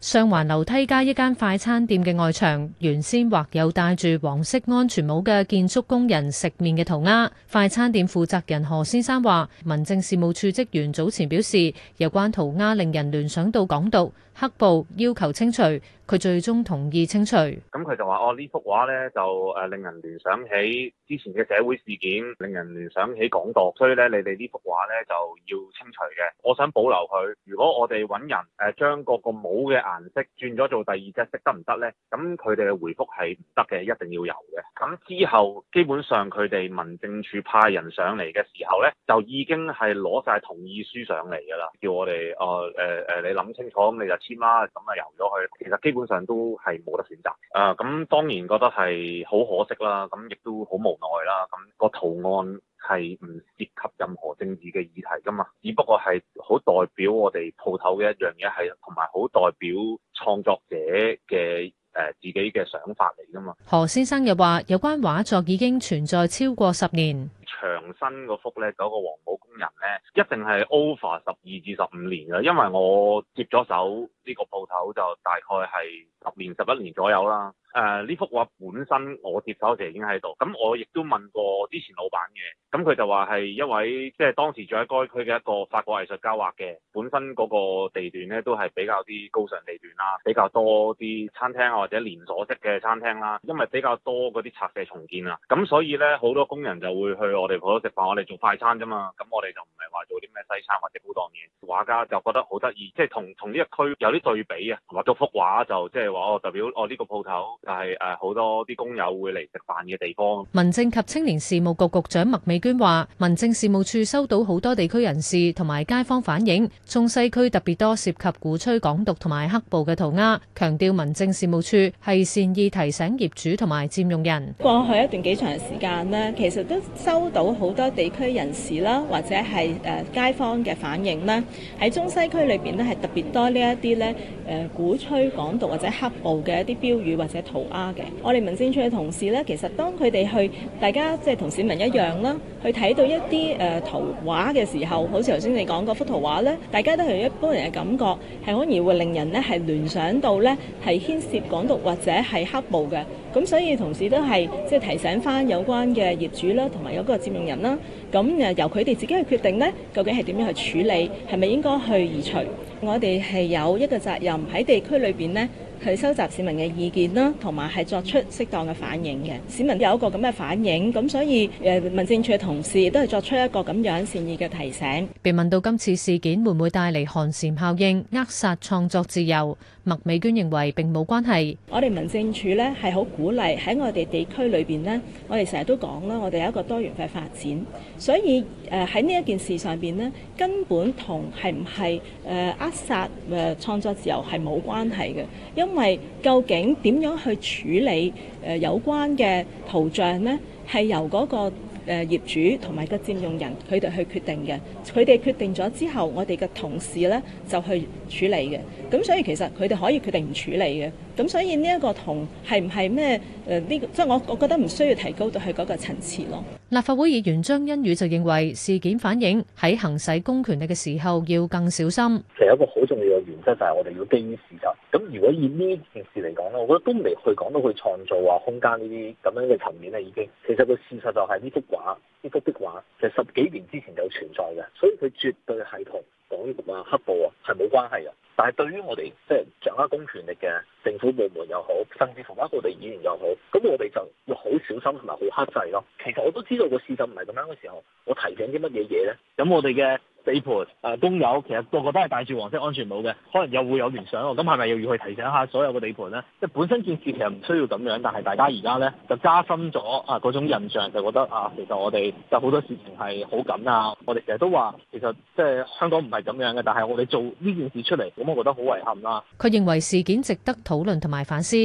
上環樓梯街一間快餐店嘅外牆，原先畫有戴住黃色安全帽嘅建築工人食麵嘅塗鴉。快餐店負責人何先生話，民政事務處職員早前表示，有關塗鴉令人聯想到港獨黑暴，要求清除。佢最終同意清除。咁佢就話：哦，呢幅畫呢，就誒、呃、令人聯想起之前嘅社會事件，令人聯想起港獨，所以咧你哋呢幅畫呢，就要清除嘅。我想保留佢。如果我哋揾人誒將、呃、個個帽嘅顏色轉咗做第二隻色得唔得呢？咁佢哋嘅回覆係唔得嘅，一定要由嘅。咁之後基本上佢哋民政處派人上嚟嘅時候呢，就已經係攞晒同意書上嚟㗎啦，叫我哋哦誒你諗清楚，咁你就簽啦，咁啊由咗。其實基本上都係冇得選擇，誒、呃，咁當然覺得係好可惜啦，咁亦都好無奈啦，咁個圖案係唔涉及任何政治嘅議題噶嘛，只不過係好代表我哋鋪頭嘅一樣嘢，係同埋好代表創作者嘅。誒，自己嘅想法嚟㗎嘛。何先生又話，有關畫作已經存在超過十年。長身嗰幅咧，嗰、嗰個黃帽工人咧，一定係 over 十二至十五年啦。因為我接咗手呢個鋪頭就大概係十年十一年左右啦。誒呢、呃、幅畫本身我接手時已經喺度，咁我亦都問過之前老闆嘅，咁佢就話係一位即係、就是、當時住喺該區嘅一個法國藝術家畫嘅。本身嗰個地段咧都係比較啲高尚地段啦，比較多啲餐廳啊或者連鎖式嘅餐廳啦，因為比較多嗰啲拆卸重建啊，咁所以咧好多工人就會去我哋鋪頭食飯，我哋做快餐啫嘛，咁我哋就唔係話做啲咩西餐或者高檔嘢。畫家就覺得好得意，即係同同呢一區有啲對比啊，同埋嗰幅畫就即係話哦，代表哦呢個鋪頭。就係誒好多啲工友會嚟食飯嘅地方。民政及青年事務局局長麥美娟話：民政事務處收到好多地區人士同埋街坊反映，中西區特別多涉及鼓吹港獨同埋黑暴嘅塗鴉，強調民政事務處係善意提醒業主同埋佔用人。過去一段幾長時間呢，其實都收到好多地區人士啦，或者係誒街坊嘅反應呢，喺中西區裏邊呢，係特別多呢一啲呢誒鼓吹港獨或者黑暴嘅一啲標語或者塗鴉嘅，我哋民政處嘅同事呢，其實當佢哋去大家即係同市民一樣啦，去睇到一啲誒、呃、圖畫嘅時候，好似頭先你講嗰幅圖畫呢，大家都係一般人嘅感覺，係反而會令人呢係聯想到呢係牽涉港獨或者係黑暴嘅，咁所以同事都係即係提醒翻有關嘅業主啦，同埋有嗰個佔用人啦，咁誒由佢哋自己去決定呢，究竟係點樣去處理，係咪應該去移除？我哋係有一個責任喺地區裏邊呢，去收集市民嘅意見啦，同埋係作出適當嘅反應嘅。市民有一個咁嘅反應，咁所以誒，民政處嘅同事都係作出一個咁樣善意嘅提醒。被問到今次事件會唔會帶嚟寒蟬效應，扼殺創作自由？麥美娟認為並冇關係。我哋民政處咧，係好鼓勵喺我哋地區裏邊呢，我哋成日都講啦，我哋有一個多元化發展，所以誒喺呢一件事上邊呢，根本同係唔係誒扼殺誒創作自由係冇關係嘅，因為究竟點樣去處理誒、呃、有關嘅圖像呢？係由嗰個。業主同埋個佔用人，佢哋去決定嘅，佢哋決定咗之後，我哋嘅同事咧就去處理嘅，咁所以其實佢哋可以決定唔處理嘅。咁所以呢一個同係唔係咩誒呢？即係我我覺得唔需要提高到去嗰個層次咯。立法會議員張欣宇就認為事件反映喺行使公權力嘅時候要更小心。其實一個好重要嘅原則就係我哋要基於事實。咁如果以呢件事嚟講咧，我覺得都未去講到去創造話空間呢啲咁樣嘅層面咧，已經其實個事實就係呢幅畫，呢幅壁畫就十幾年之前就存在嘅，所以佢絕對係同。港獨啊，黑暴啊，係冇關係嘅，但係對於我哋即係掌握公權力嘅政府部門又好，甚至同埋我地議員又好，咁我哋就要好小心同埋好克制咯。其實我都知道個事實唔係咁樣嘅時候，我提醒啲乜嘢嘢咧？咁我哋嘅。地盤誒工友其實個個都係戴住黃色安全帽嘅，可能又會有聯想。咁係咪又要去提醒下所有嘅地盤呢？即係本身件事其實唔需要咁樣，但係大家而家呢就加深咗啊嗰種印象，就覺得啊，其實我哋有好多事情係好緊啊。我哋成日都話，其實即係香港唔係咁樣嘅，但係我哋做呢件事出嚟，咁我覺得好遺憾啦。佢認為事件值得討論同埋反思。